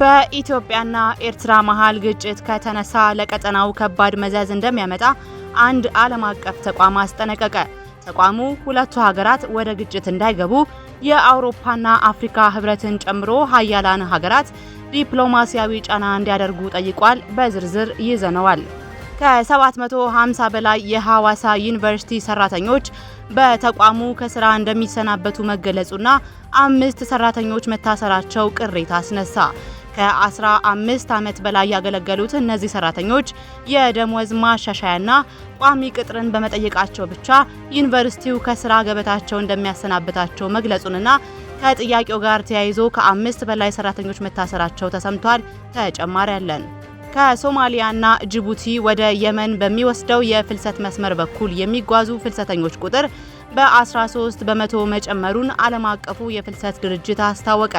በኢትዮጵያና ኤርትራ መሀል ግጭት ከተነሳ ለቀጠናው ከባድ መዘዝ እንደሚያመጣ አንድ ዓለም አቀፍ ተቋም አስጠነቀቀ። ተቋሙ ሁለቱ ሀገራት ወደ ግጭት እንዳይገቡ የአውሮፓና አፍሪካ ህብረትን ጨምሮ ሀያላን ሀገራት ዲፕሎማሲያዊ ጫና እንዲያደርጉ ጠይቋል። በዝርዝር ይዘነዋል። ከ750 በላይ የሐዋሳ ዩኒቨርሲቲ ሰራተኞች በተቋሙ ከስራ እንደሚሰናበቱ መገለጹና አምስት ሰራተኞች መታሰራቸው ቅሬታ አስነሳ። ከ15 ዓመት በላይ ያገለገሉት እነዚህ ሰራተኞች የደሞዝ ማሻሻያና ቋሚ ቅጥርን በመጠየቃቸው ብቻ ዩኒቨርሲቲው ከስራ ገበታቸው እንደሚያሰናብታቸው መግለጹንና ከጥያቄው ጋር ተያይዞ ከአምስት በላይ ሰራተኞች መታሰራቸው ተሰምቷል። ተጨማሪ ያለን ከሶማሊያና ጅቡቲ ወደ የመን በሚወስደው የፍልሰት መስመር በኩል የሚጓዙ ፍልሰተኞች ቁጥር በ13 በመቶ መጨመሩን ዓለም አቀፉ የፍልሰት ድርጅት አስታወቀ።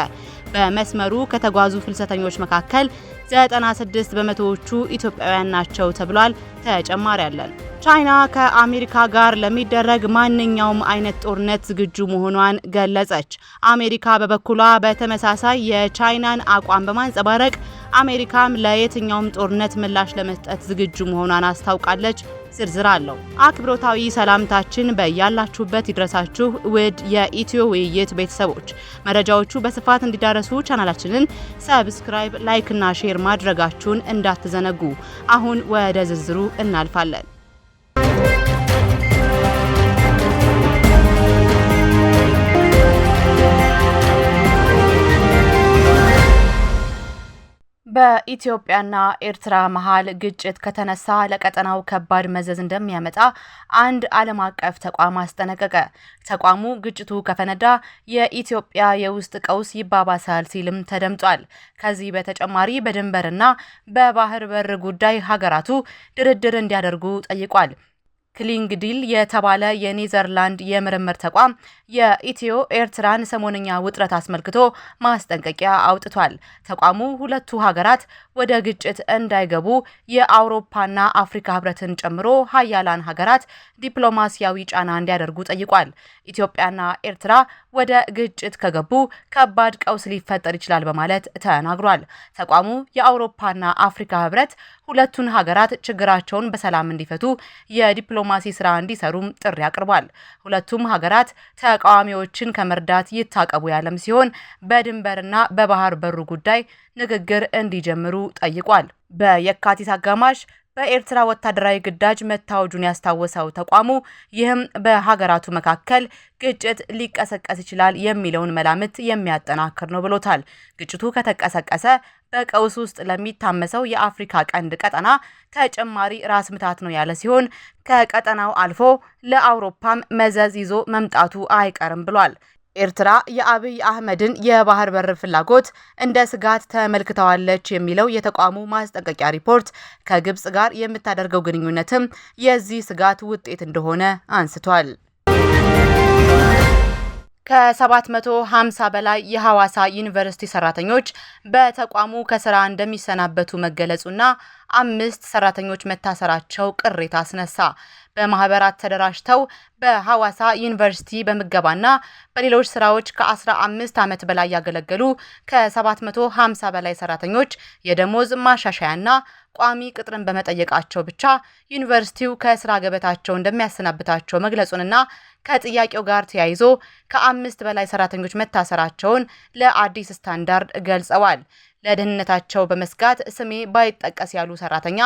በመስመሩ ከተጓዙ ፍልሰተኞች መካከል 96 በመቶዎቹ ኢትዮጵያውያን ናቸው ተብሏል። ተጨማሪ አለን። ቻይና ከአሜሪካ ጋር ለሚደረግ ማንኛውም አይነት ጦርነት ዝግጁ መሆኗን ገለጸች። አሜሪካ በበኩሏ በተመሳሳይ የቻይናን አቋም በማንጸባረቅ አሜሪካም ለየትኛውም ጦርነት ምላሽ ለመስጠት ዝግጁ መሆኗን አስታውቃለች። ዝርዝር አለው። አክብሮታዊ ሰላምታችን በያላችሁበት ይድረሳችሁ ውድ የኢትዮ ውይይት ቤተሰቦች፣ መረጃዎቹ በስፋት እንዲዳረሱ ቻናላችንን ሰብስክራይብ፣ ላይክ እና ሼር ማድረጋችሁን እንዳትዘነጉ። አሁን ወደ ዝርዝሩ እናልፋለን። በኢትዮጵያና ኤርትራ መሀል ግጭት ከተነሳ ለቀጠናው ከባድ መዘዝ እንደሚያመጣ አንድ ዓለም አቀፍ ተቋም አስጠነቀቀ። ተቋሙ ግጭቱ ከፈነዳ የኢትዮጵያ የውስጥ ቀውስ ይባባሳል ሲልም ተደምጧል። ከዚህ በተጨማሪ በድንበርና በባህር በር ጉዳይ ሀገራቱ ድርድር እንዲያደርጉ ጠይቋል። ክሊንግዲል የተባለ የኔዘርላንድ የምርምር ተቋም የኢትዮ ኤርትራን ሰሞነኛ ውጥረት አስመልክቶ ማስጠንቀቂያ አውጥቷል። ተቋሙ ሁለቱ ሀገራት ወደ ግጭት እንዳይገቡ የአውሮፓና አፍሪካ ህብረትን ጨምሮ ሀያላን ሀገራት ዲፕሎማሲያዊ ጫና እንዲያደርጉ ጠይቋል። ኢትዮጵያና ኤርትራ ወደ ግጭት ከገቡ ከባድ ቀውስ ሊፈጠር ይችላል በማለት ተናግሯል። ተቋሙ የአውሮፓና አፍሪካ ህብረት ሁለቱን ሀገራት ችግራቸውን በሰላም እንዲፈቱ የዲፕሎማሲ ስራ እንዲሰሩም ጥሪ አቅርቧል። ሁለቱም ሀገራት ተቃዋሚዎችን ከመርዳት ይታቀቡ ያለም ሲሆን በድንበርና በባህር በሩ ጉዳይ ንግግር እንዲጀምሩ ጠይቋል። በየካቲት አጋማሽ በኤርትራ ወታደራዊ ግዳጅ መታወጁን ያስታወሰው ተቋሙ ይህም በሀገራቱ መካከል ግጭት ሊቀሰቀስ ይችላል የሚለውን መላምት የሚያጠናክር ነው ብሎታል። ግጭቱ ከተቀሰቀሰ በቀውስ ውስጥ ለሚታመሰው የአፍሪካ ቀንድ ቀጠና ተጨማሪ ራስ ምታት ነው ያለ ሲሆን ከቀጠናው አልፎ ለአውሮፓም መዘዝ ይዞ መምጣቱ አይቀርም ብሏል። ኤርትራ የአብይ አህመድን የባህር በር ፍላጎት እንደ ስጋት ተመልክተዋለች የሚለው የተቋሙ ማስጠንቀቂያ ሪፖርት ከግብጽ ጋር የምታደርገው ግንኙነትም የዚህ ስጋት ውጤት እንደሆነ አንስቷል። ከ750 በላይ የሐዋሳ ዩኒቨርሲቲ ሰራተኞች በተቋሙ ከስራ እንደሚሰናበቱ መገለጹና አምስት ሰራተኞች መታሰራቸው ቅሬታ አስነሳ። በማህበራት ተደራጅተው በሐዋሳ ዩኒቨርሲቲ በምገባና በሌሎች ስራዎች ከ15 ዓመት በላይ ያገለገሉ ከ750 በላይ ሰራተኞች የደሞዝ ማሻሻያና ቋሚ ቅጥርን በመጠየቃቸው ብቻ ዩኒቨርሲቲው ከስራ ገበታቸው እንደሚያሰናብታቸው መግለጹንና ከጥያቄው ጋር ተያይዞ ከአምስት በላይ ሰራተኞች መታሰራቸውን ለአዲስ ስታንዳርድ ገልጸዋል። ለደህንነታቸው በመስጋት ስሜ ባይጠቀስ ያሉ ሰራተኛ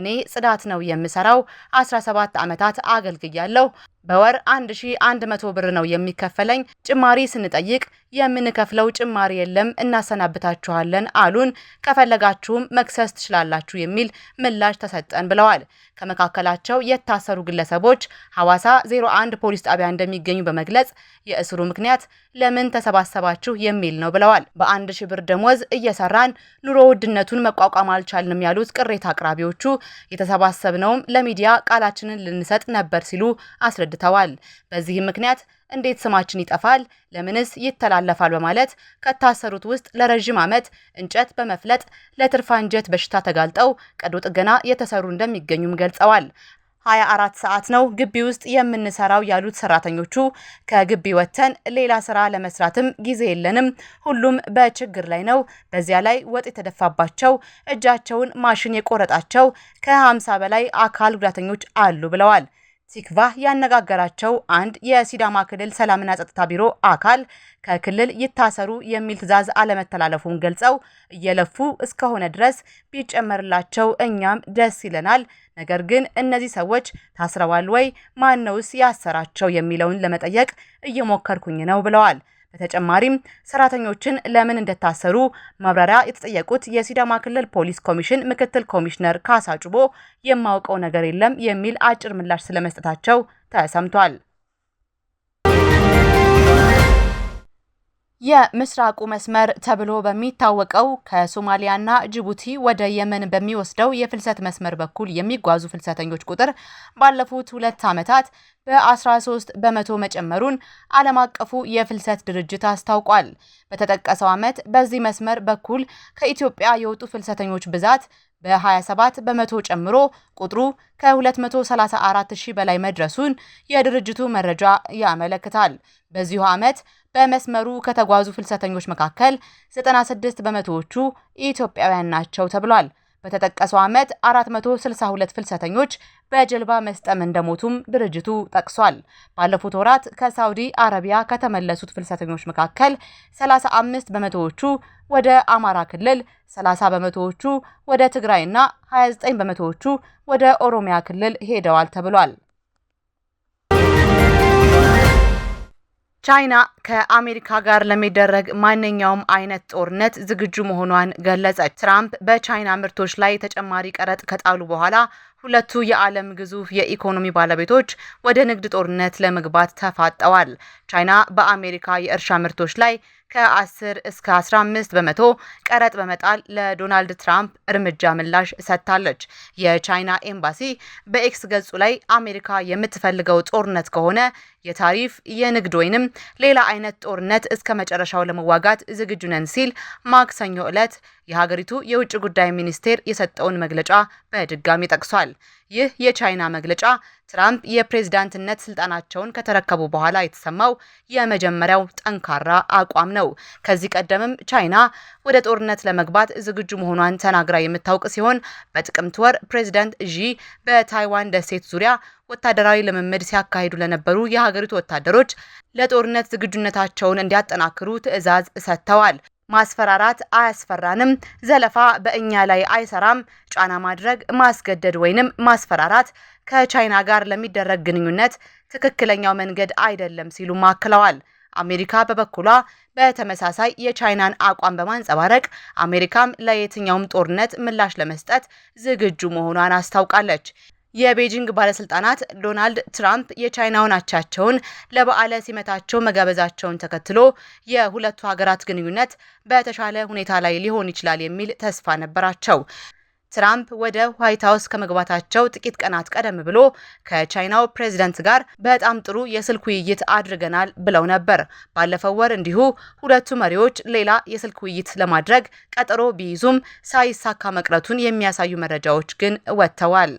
እኔ ጽዳት ነው የምሰራው፣ 17 ዓመታት አገልግያለሁ፣ በወር 1100 ብር ነው የሚከፈለኝ። ጭማሪ ስንጠይቅ የምንከፍለው ጭማሪ የለም እናሰናብታችኋለን አሉን። ከፈለጋችሁም መክሰስ ትችላላችሁ የሚል ምላሽ ተሰጠን ብለዋል። ከመካከላቸው የታሰሩ ግለሰቦች ሐዋሳ 01 ፖሊስ ጣቢያ እንደሚገኙ በመግለጽ የእስሩ ምክንያት ለምን ተሰባሰባችሁ የሚል ነው ብለዋል። በአንድ ሺህ ብር ደሞዝ እየሰራን ኑሮ ውድነቱን መቋቋም አልቻልንም ያሉት ቅሬታ አቅራቢዎቹ የተሰባሰብነውም ለሚዲያ ቃላችንን ልንሰጥ ነበር ሲሉ አስረድ አስረድተዋል። በዚህ ምክንያት እንዴት ስማችን ይጠፋል? ለምንስ ይተላለፋል? በማለት ከታሰሩት ውስጥ ለረዥም ዓመት እንጨት በመፍለጥ ለትርፋ እንጀት በሽታ ተጋልጠው ቀዶ ጥገና የተሰሩ እንደሚገኙም ገልጸዋል። 24 ሰዓት ነው ግቢ ውስጥ የምንሰራው ያሉት ሰራተኞቹ ከግቢ ወጥተን ሌላ ስራ ለመስራትም ጊዜ የለንም፣ ሁሉም በችግር ላይ ነው። በዚያ ላይ ወጥ የተደፋባቸው እጃቸውን ማሽን የቆረጣቸው ከ50 በላይ አካል ጉዳተኞች አሉ ብለዋል። ሲክቫ ያነጋገራቸው አንድ የሲዳማ ክልል ሰላምና ጸጥታ ቢሮ አካል ከክልል ይታሰሩ የሚል ትዕዛዝ አለመተላለፉን ገልጸው እየለፉ እስከሆነ ድረስ ቢጨመርላቸው እኛም ደስ ይለናል። ነገር ግን እነዚህ ሰዎች ታስረዋል ወይ? ማነውስ ያሰራቸው? የሚለውን ለመጠየቅ እየሞከርኩኝ ነው ብለዋል። በተጨማሪም ሰራተኞችን ለምን እንደታሰሩ ማብራሪያ የተጠየቁት የሲዳማ ክልል ፖሊስ ኮሚሽን ምክትል ኮሚሽነር ካሳ ጩቦ የማውቀው ነገር የለም የሚል አጭር ምላሽ ስለመስጠታቸው ተሰምቷል። የምስራቁ መስመር ተብሎ በሚታወቀው ከሶማሊያና ጅቡቲ ወደ የመን በሚወስደው የፍልሰት መስመር በኩል የሚጓዙ ፍልሰተኞች ቁጥር ባለፉት ሁለት ዓመታት በ13 በመቶ መጨመሩን ዓለም አቀፉ የፍልሰት ድርጅት አስታውቋል። በተጠቀሰው ዓመት በዚህ መስመር በኩል ከኢትዮጵያ የወጡ ፍልሰተኞች ብዛት በ27 በመቶ ጨምሮ ቁጥሩ ከ234 ሺህ በላይ መድረሱን የድርጅቱ መረጃ ያመለክታል። በዚሁ ዓመት በመስመሩ ከተጓዙ ፍልሰተኞች መካከል 96 በመቶዎቹ ኢትዮጵያውያን ናቸው ተብሏል። በተጠቀሰው ዓመት 462 ፍልሰተኞች በጀልባ መስጠም እንደሞቱም ድርጅቱ ጠቅሷል። ባለፉት ወራት ከሳውዲ አረቢያ ከተመለሱት ፍልሰተኞች መካከል 35 በመቶዎቹ ወደ አማራ ክልል፣ 30 በመቶዎቹ ወደ ትግራይና 29 በመቶዎቹ ወደ ኦሮሚያ ክልል ሄደዋል ተብሏል። ቻይና ከአሜሪካ ጋር ለሚደረግ ማንኛውም አይነት ጦርነት ዝግጁ መሆኗን ገለጸች። ትራምፕ በቻይና ምርቶች ላይ ተጨማሪ ቀረጥ ከጣሉ በኋላ ሁለቱ የዓለም ግዙፍ የኢኮኖሚ ባለቤቶች ወደ ንግድ ጦርነት ለመግባት ተፋጠዋል። ቻይና በአሜሪካ የእርሻ ምርቶች ላይ ከ10 እስከ 15 በመቶ ቀረጥ በመጣል ለዶናልድ ትራምፕ እርምጃ ምላሽ ሰጥታለች። የቻይና ኤምባሲ በኤክስ ገጹ ላይ አሜሪካ የምትፈልገው ጦርነት ከሆነ የታሪፍ፣ የንግድ ወይንም ሌላ አይነት ጦርነት እስከ መጨረሻው ለመዋጋት ዝግጁ ነን ሲል ማክሰኞ ዕለት የሀገሪቱ የውጭ ጉዳይ ሚኒስቴር የሰጠውን መግለጫ በድጋሚ ጠቅሷል። ይህ የቻይና መግለጫ ትራምፕ የፕሬዝዳንትነት ስልጣናቸውን ከተረከቡ በኋላ የተሰማው የመጀመሪያው ጠንካራ አቋም ነው። ከዚህ ቀደምም ቻይና ወደ ጦርነት ለመግባት ዝግጁ መሆኗን ተናግራ የምታውቅ ሲሆን በጥቅምት ወር ፕሬዝዳንት ዢ በታይዋን ደሴት ዙሪያ ወታደራዊ ልምምድ ሲያካሂዱ ለነበሩ የሀገሪቱ ወታደሮች ለጦርነት ዝግጁነታቸውን እንዲያጠናክሩ ትዕዛዝ ሰጥተዋል። ማስፈራራት አያስፈራንም፣ ዘለፋ በእኛ ላይ አይሰራም። ጫና ማድረግ፣ ማስገደድ ወይንም ማስፈራራት ከቻይና ጋር ለሚደረግ ግንኙነት ትክክለኛው መንገድ አይደለም ሲሉ አክለዋል። አሜሪካ በበኩሏ በተመሳሳይ የቻይናን አቋም በማንጸባረቅ አሜሪካም ለየትኛውም ጦርነት ምላሽ ለመስጠት ዝግጁ መሆኗን አስታውቃለች። የቤጂንግ ባለስልጣናት ዶናልድ ትራምፕ የቻይናውን አቻቸውን ለበዓለ ሲመታቸው መጋበዛቸውን ተከትሎ የሁለቱ ሀገራት ግንኙነት በተሻለ ሁኔታ ላይ ሊሆን ይችላል የሚል ተስፋ ነበራቸው። ትራምፕ ወደ ዋይት ሀውስ ከመግባታቸው ጥቂት ቀናት ቀደም ብሎ ከቻይናው ፕሬዚደንት ጋር በጣም ጥሩ የስልክ ውይይት አድርገናል ብለው ነበር። ባለፈው ወር እንዲሁ ሁለቱ መሪዎች ሌላ የስልክ ውይይት ለማድረግ ቀጠሮ ቢይዙም ሳይሳካ መቅረቱን የሚያሳዩ መረጃዎች ግን ወጥተዋል።